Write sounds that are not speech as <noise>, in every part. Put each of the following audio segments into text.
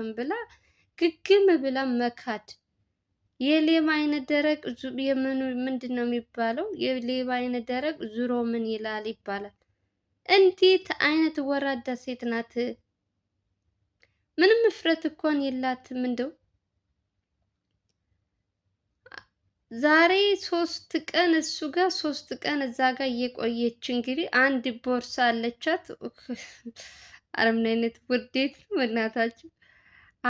አላልፍም ብላ ግግም ብላ መካድ። የሌባ አይነ ደረቅ ምንድን ነው የሚባለው? የሌባ አይነ ደረቅ ዙሮ ምን ይላል ይባላል። እንዴት አይነት ወራዳ ሴት ናት! ምንም እፍረት እኮን የላትም። እንደው ዛሬ ሶስት ቀን እሱ ጋር ሶስት ቀን እዛ ጋር እየቆየች እንግዲህ አንድ ቦርሳ አለቻት። አረምን አይነት ውርዴት ነው እናታችን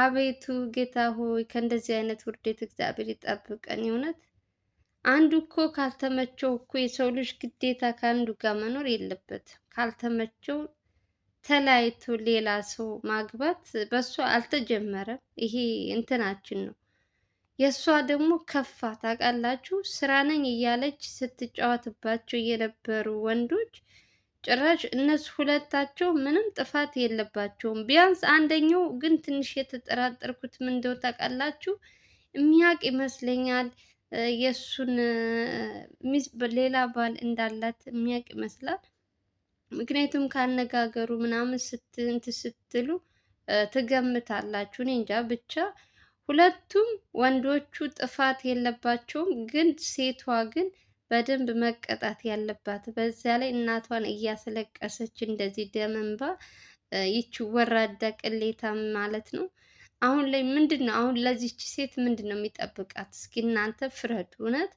አቤቱ ጌታ ሆይ ከእንደዚህ አይነት ውርደት እግዚአብሔር ይጠብቀን። የእውነት አንዱ እኮ ካልተመቸው እኮ የሰው ልጅ ግዴታ ከአንዱ ጋር መኖር የለበትም። ካልተመቸው ተለያይቶ ሌላ ሰው ማግባት በእሷ አልተጀመረም። ይሄ እንትናችን ነው። የእሷ ደግሞ ከፋ ታውቃላችሁ። ስራ ነኝ እያለች ስትጫወትባቸው የነበሩ ወንዶች ጭራሽ እነሱ ሁለታቸው ምንም ጥፋት የለባቸውም። ቢያንስ አንደኛው ግን ትንሽ የተጠራጠርኩት ምን እንደው ታውቃላችሁ የሚያውቅ ይመስለኛል። የእሱን ሚስ ሌላ ባል እንዳላት የሚያውቅ ይመስላል። ምክንያቱም ካነጋገሩ ምናምን ስትንት ስትሉ ትገምታላችሁ። እኔ እንጃ ብቻ ሁለቱም ወንዶቹ ጥፋት የለባቸውም፣ ግን ሴቷ ግን በደንብ መቀጣት ያለባት። በዚያ ላይ እናቷን እያስለቀሰች እንደዚህ ደም እንባ ይቺ ወራዳ ቅሌታ ማለት ነው። አሁን ላይ ምንድን ነው አሁን ለዚች ሴት ምንድን ነው የሚጠብቃት? እስኪ እናንተ ፍረዱ። እውነት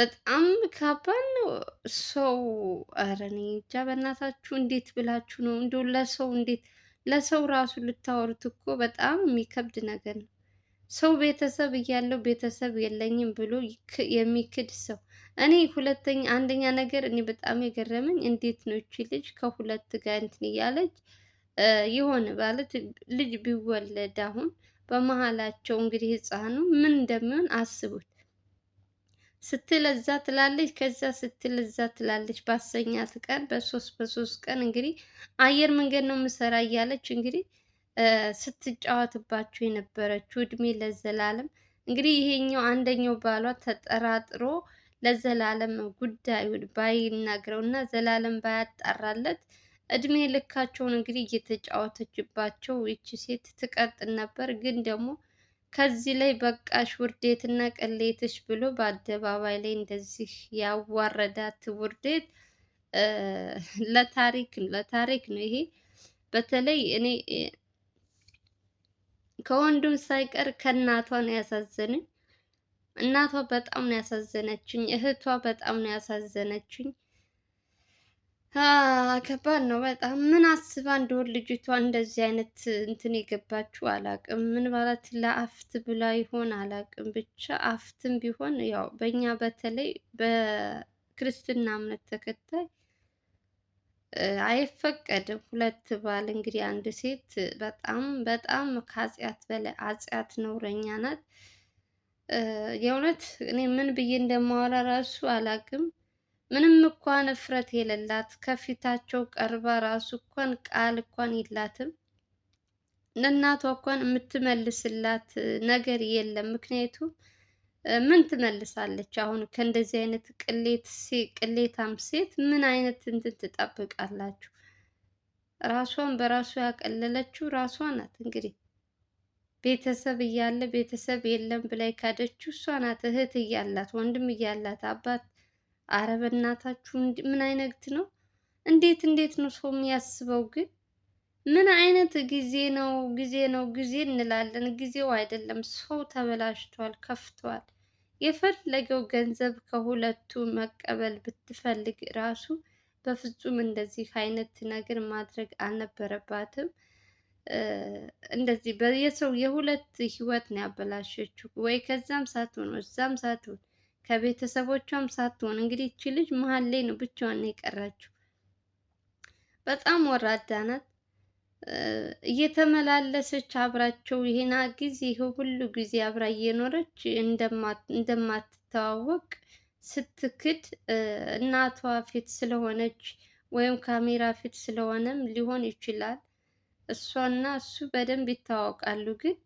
በጣም ከባድ ነው። ሰው ኧረ እኔ እንጃ በእናታችሁ እንዴት ብላችሁ ነው እንዲሁ ለሰው እንዴት ለሰው ራሱ ልታወሩት እኮ በጣም የሚከብድ ነገር ነው። ሰው ቤተሰብ እያለው ቤተሰብ የለኝም ብሎ የሚክድ ሰው እኔ ሁለተኛ አንደኛ ነገር እኔ በጣም የገረመኝ እንዴት ነው እቺ ልጅ ከሁለት ጋር እንትን እያለች የሆነ ማለት ልጅ ቢወለድ አሁን በመሀላቸው እንግዲህ ህፃኑ ምን እንደሚሆን አስቡት። ስትለዛ ትላለች፣ ከዛ ስትለዛ ትላለች። በአስረኛት ቀን በሶስት በሶስት ቀን እንግዲህ አየር መንገድ ነው የምሰራ እያለች እንግዲህ ስትጫወትባቸው የነበረችው እድሜ ለዘላለም እንግዲህ ይሄኛው አንደኛው ባሏ ተጠራጥሮ ለዘላለም ጉዳዩን ባይናገረው እና ዘላለም ባያጣራለት እድሜ ልካቸውን እንግዲህ እየተጫወተችባቸው ይቺ ሴት ትቀጥል ነበር። ግን ደግሞ ከዚህ ላይ በቃሽ ውርዴትና ቅሌትሽ ብሎ በአደባባይ ላይ እንደዚህ ያዋረዳት ውርዴት ለታሪክ ለታሪክ ነው ይሄ። በተለይ እኔ ከወንዱም ሳይቀር ከእናቷ ነው ያሳዘነኝ። እናቷ በጣም ነው ያሳዘነችኝ። እህቷ በጣም ነው ያሳዘነችኝ። ከባድ ነው በጣም። ምን አስባ እንደሆን ልጅቷ እንደዚህ አይነት እንትን የገባችው አላቅም። ምን ማለት ለአፍት ብላ ይሆን አላቅም። ብቻ አፍትም ቢሆን ያው በእኛ በተለይ በክርስትና እምነት ተከታይ አይፈቀድም። ሁለት ባል እንግዲህ አንድ ሴት በጣም በጣም ከአጽያት በላይ አጽያት ነውረኛ ናት። የእውነት እኔ ምን ብዬ እንደማወራ ራሱ አላቅም። ምንም እንኳን እፍረት የሌላት ከፊታቸው ቀርባ ራሱ እንኳን ቃል እንኳን የላትም። ለእናቷ እንኳን የምትመልስላት ነገር የለም። ምክንያቱም ምን ትመልሳለች? አሁን ከእንደዚህ አይነት ቅሌት ቅሌታም ሴት ምን አይነት እንትን ትጠብቃላችሁ? ራሷን በራሷ ያቀለለችው ራሷ ናት። እንግዲህ ቤተሰብ እያለ ቤተሰብ የለም ብላይ የካደችው እሷ ናት። እህት እያላት ወንድም እያላት አባት አረብ እናታችሁ ምን አይነት ነው? እንዴት እንዴት ነው ሰው የሚያስበው ግን ምን አይነት ጊዜ ነው ጊዜ ነው ጊዜ እንላለን። ጊዜው አይደለም። ሰው ተበላሽቷል፣ ከፍቷል። የፈለገው ገንዘብ ከሁለቱ መቀበል ብትፈልግ ራሱ በፍጹም እንደዚህ አይነት ነገር ማድረግ አልነበረባትም። እንደዚህ የሰው የሁለት ህይወት ነው ያበላሸችው። ወይ ከዛም ሳትሆን እዛም ሳትሆን ከቤተሰቦቿም ሳትሆን እንግዲህ እቺ ልጅ መሀል ላይ ነው ብቻዋን የቀረችው። በጣም ወራዳ ናት። እየተመላለሰች አብራቸው ይሄን ጊዜ ይሄ ሁሉ ጊዜ አብራ እየኖረች እንደማትተዋወቅ ስትክድ እናቷ ፊት ስለሆነች ወይም ካሜራ ፊት ስለሆነም ሊሆን ይችላል። እሷና እሱ በደንብ ይታወቃሉ። ግን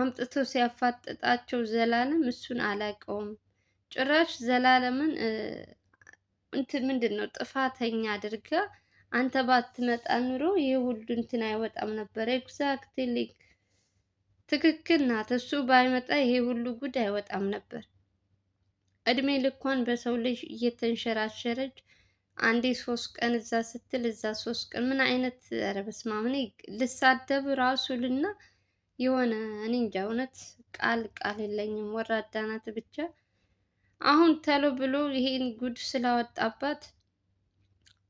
አምጥቶ ሲያፋጥጣቸው ዘላለም እሱን አላውቀውም። ጭራሽ ዘላለምን እንትን ምንድን ነው ጥፋተኛ አድርጋ አንተ ባትመጣ ኑሮ ይህ ሁሉ እንትን አይወጣም ነበር። ኤግዛክትሊ ትክክል ናት። እሱ ባይመጣ ይሄ ሁሉ ጉድ አይወጣም ነበር። እድሜ ልኳን በሰው ልጅ እየተንሸራሸረች አንዴ ሶስት ቀን እዛ ስትል እዛ ሶስት ቀን ምን አይነት ኧረ በስመ አብ! እኔ ልሳደብ ራሱ ልና የሆነ እኔ እንጃ እውነት ቃል ቃል የለኝም። ወራዳ ናት ብቻ። አሁን ተሎ ብሎ ይሄን ጉድ ስላወጣባት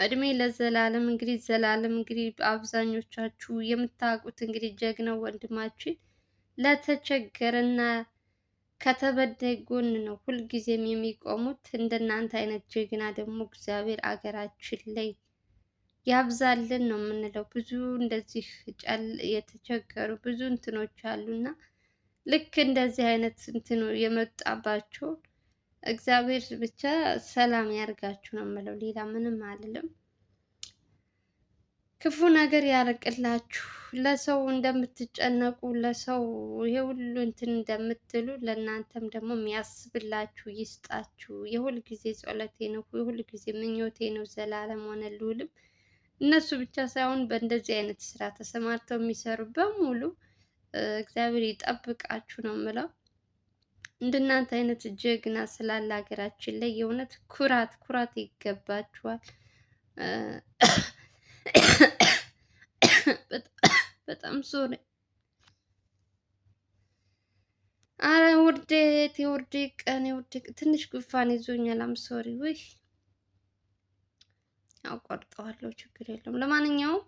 እድሜ ለዘላለም እንግዲህ ዘላለም እንግዲህ አብዛኞቻችሁ የምታውቁት እንግዲህ ጀግናው ወንድማችን ለተቸገረና ከተበዳይ ጎን ነው ሁልጊዜም የሚቆሙት። እንደናንተ አይነት ጀግና ደግሞ እግዚአብሔር አገራችን ላይ ያብዛልን ነው የምንለው። ብዙ እንደዚህ የተቸገሩ ብዙ እንትኖች አሉና ልክ እንደዚህ አይነት እንትኑ የመጣባቸው እግዚአብሔር ብቻ ሰላም ያርጋችሁ ነው የምለው። ሌላ ምንም አልልም። ክፉ ነገር ያርቅላችሁ። ለሰው እንደምትጨነቁ ለሰው ይሄ ሁሉ እንትን እንደምትሉ ለእናንተም ደግሞ የሚያስብላችሁ ይስጣችሁ። የሁል ጊዜ ጸሎቴ ነው፣ የሁል ጊዜ ምኞቴ ነው። ዘላለም ሆነ ልውልም። እነሱ ብቻ ሳይሆን በእንደዚህ አይነት ስራ ተሰማርተው የሚሰሩ በሙሉ እግዚአብሔር ይጠብቃችሁ ነው የምለው። እንደናንተ አይነት ጀግና ስላለ ሀገራችን ላይ የእውነት ኩራት ኩራት ይገባችኋል። በጣም ሶሪ። አረ ውርደት፣ የውርድ ቀን፣ የውርድ ትንሽ ጉፋን ይዞኛል። አም ሶሪ። ውይ ያው ቆርጠዋለሁ፣ ችግር የለውም። ለማንኛውም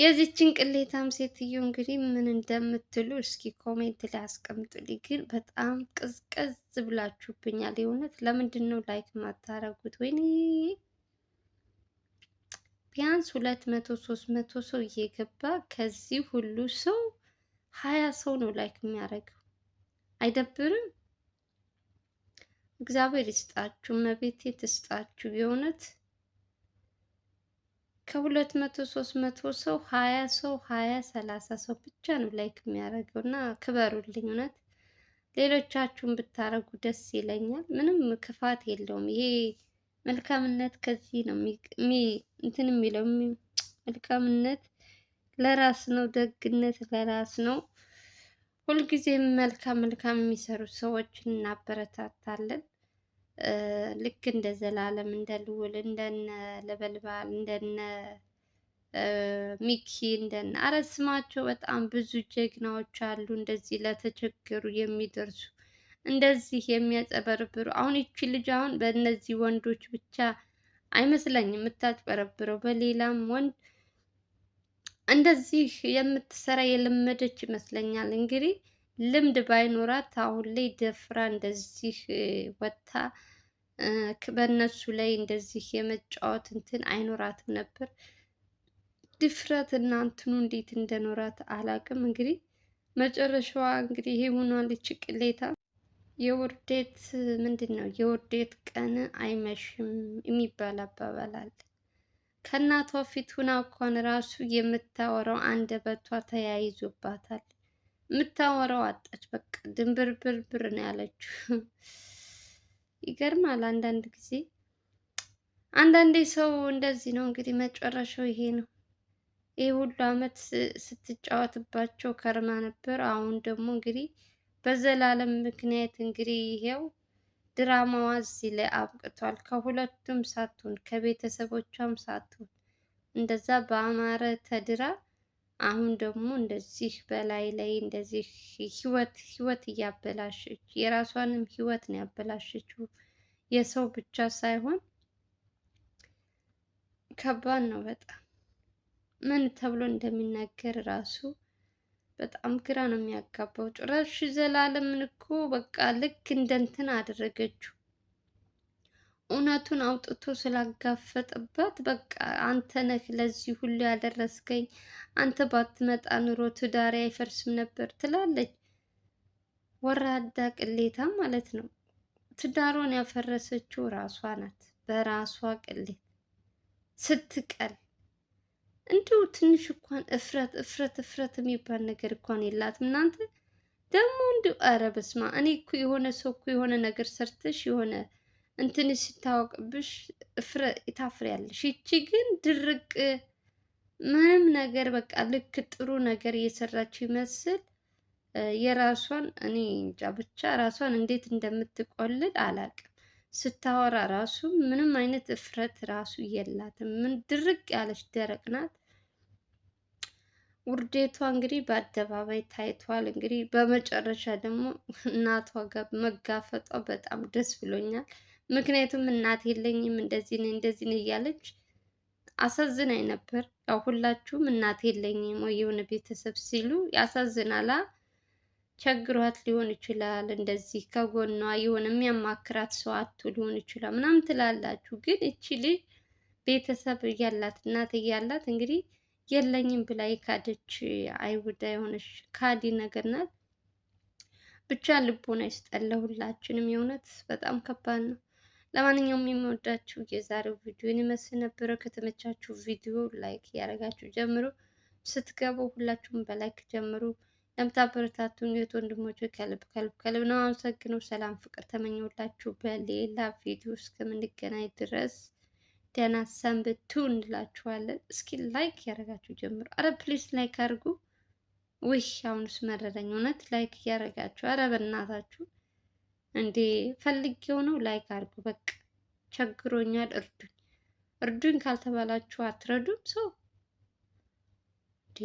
የዚችን ቅሌታም ሴትዮ እንግዲህ ምን እንደምትሉ እስኪ ኮሜንት ላይ አስቀምጡልኝ። ግን በጣም ቅዝቀዝ ብላችሁብኛል። የእውነት ለምንድን ነው ላይክ ማታረጉት? ወይኔ ቢያንስ ሁለት መቶ ሶስት መቶ ሰው እየገባ ከዚህ ሁሉ ሰው ሀያ ሰው ነው ላይክ የሚያደርገው። አይደብርም? እግዚአብሔር ይስጣችሁ፣ መቤት ትስጣችሁ የእውነት ከሁለት መቶ ሶስት መቶ ሰው ሀያ ሰው ሀያ ሰላሳ ሰው ብቻ ነው ላይክ የሚያደርገው እና ክበሩልኝ። እውነት ሌሎቻችሁን ብታደርጉ ደስ ይለኛል። ምንም ክፋት የለውም። ይሄ መልካምነት ከዚህ ነው እንትን የሚለው መልካምነት ለራስ ነው፣ ደግነት ለራስ ነው። ሁልጊዜም መልካም መልካም የሚሰሩ ሰዎች እናበረታታለን። ልክ እንደ ዘላለም እንደ ልዑል እንደነ ለበልባል እንደነ ሚኪ እንደነ አረ ስማቸው በጣም ብዙ ጀግናዎች አሉ። እንደዚህ ለተቸገሩ የሚደርሱ እንደዚህ የሚያጨበረብሩ አሁን ይቺ ልጅ አሁን በእነዚህ ወንዶች ብቻ አይመስለኝም የምታጭበረብረው በሌላም ወንድ እንደዚህ የምትሰራ የለመደች ይመስለኛል እንግዲህ ልምድ ባይኖራት አሁን ላይ ደፍራ እንደዚህ ወጥታ በእነሱ ላይ እንደዚህ የመጫወት እንትን አይኖራትም ነበር። ድፍረት እና እንትኑ እንዴት እንደኖራት አላቅም እንግዲህ መጨረሻዋ እንግዲህ ይሄ ሆኗል። ቅሌታ የውርዴት ምንድን ነው የውርዴት ቀን አይመሽም የሚባል አባባል አለ። ከእናቷ ፊት ሁና እንኳን ራሱ የምታወራው አንደበቷ ተያይዞባታል። የምታወራው አጣች። በቃ ድንብርብርብር ነው ያለችው። <laughs> ይገርማል። አንዳንድ ጊዜ አንዳንዴ ሰው እንደዚህ ነው እንግዲህ መጨረሻው ይሄ ነው። ይህ ሁሉ አመት ስትጫወትባቸው ከርማ ነበር። አሁን ደግሞ እንግዲህ በዘላለም ምክንያት እንግዲህ ይሄው ድራማዋ እዚህ ላይ አብቅቷል። ከሁለቱም ሳትሆን ከቤተሰቦቿም ሳትሆን እንደዛ በአማረ ተድራ አሁን ደግሞ እንደዚህ በላይ ላይ እንደዚህ ህይወት ህይወት እያበላሸች የራሷንም ህይወት ነው ያበላሸችው። የሰው ብቻ ሳይሆን ከባድ ነው በጣም ምን ተብሎ እንደሚናገር ራሱ በጣም ግራ ነው የሚያጋባው። ጭራሽ ዘላለምን እኮ በቃ ልክ እንደንትን አደረገችው እውነቱን አውጥቶ ስላጋፈጠባት በቃ አንተ ነህ ለዚህ ሁሉ ያደረስከኝ፣ አንተ ባትመጣ ኑሮ ትዳሬ አይፈርስም ነበር ትላለች። ወራዳ ቅሌታ ማለት ነው። ትዳሯን ያፈረሰችው ራሷ ናት፣ በራሷ ቅሌት ስትቀል። እንዲሁ ትንሽ እንኳን እፍረት እፍረት እፍረት የሚባል ነገር እንኳን የላትም እናንተ ደግሞ እንዲሁ ኧረ በስመ አብ እኔ እኮ የሆነ ሰው እኮ የሆነ ነገር ሰርተሽ የሆነ እንትን ስታወቅብሽ ታፍሪያለሽ። ይቺ ግን ድርቅ ምንም ነገር በቃ ልክ ጥሩ ነገር እየሰራች ይመስል የራሷን እኔ እንጃ ብቻ ራሷን እንዴት እንደምትቆልል አላውቅም። ስታወራ ራሱ ምንም አይነት እፍረት ራሱ የላትም። ምን ድርቅ ያለች ደረቅ ናት። ውርዴቷ እንግዲህ በአደባባይ ታይቷል። እንግዲህ በመጨረሻ ደግሞ እናቷ ጋር መጋፈጧ በጣም ደስ ብሎኛል። ምክንያቱም እናት የለኝም እንደዚህ ነኝ እንደዚህ ነኝ እያለች አሳዝናኝ ነበር። ያው ሁላችሁም እናት የለኝም ወይ የሆነ ቤተሰብ ሲሉ ያሳዝናላ። ቸግሯት ሊሆን ይችላል። እንደዚህ ከጎኗ የሆነ የሚያማክራት ሰው አቶ ሊሆን ይችላል ምናምን ትላላችሁ። ግን እቺ ልጅ ቤተሰብ እያላት እናት እያላት እንግዲህ የለኝም ብላ የካደች አይሁዳ የሆነች ካዲ ነገር ናት። ብቻ ልቦና ይስጠን ለሁላችንም። የእውነት በጣም ከባድ ነው። ለማንኛውም የሚወዳችሁ የዛሬው ቪዲዮ ይመስል ነበረ። ከተመቻችሁ ቪዲዮ ላይክ ያደረጋችሁ ጀምሩ። ስትገቡ ሁላችሁም በላይክ ጀምሩ። ለምታበረታቱን የት ወንድሞች ከልብ ከልብ ከልብ ነው አመሰግነው። ሰላም ፍቅር ተመኘሁላችሁ። በሌላ ቪዲዮ እስከምንገናኝ ድረስ ደህና ሰንብቱ እንላችኋለን። እስኪ ላይክ ያደረጋችሁ ጀምሩ። አረ ፕሊስ ላይክ አድርጉ። ውይ አሁንስ መረረኝ እውነት። ላይክ እያደረጋችሁ አረ በእናታችሁ እንዴ ፈልጌው ነው። ላይክ አድርጉ። በቃ ቸግሮኛል፣ እርዱኝ እርዱኝ ካልተባላችሁ አትረዱም ሰው እንዴ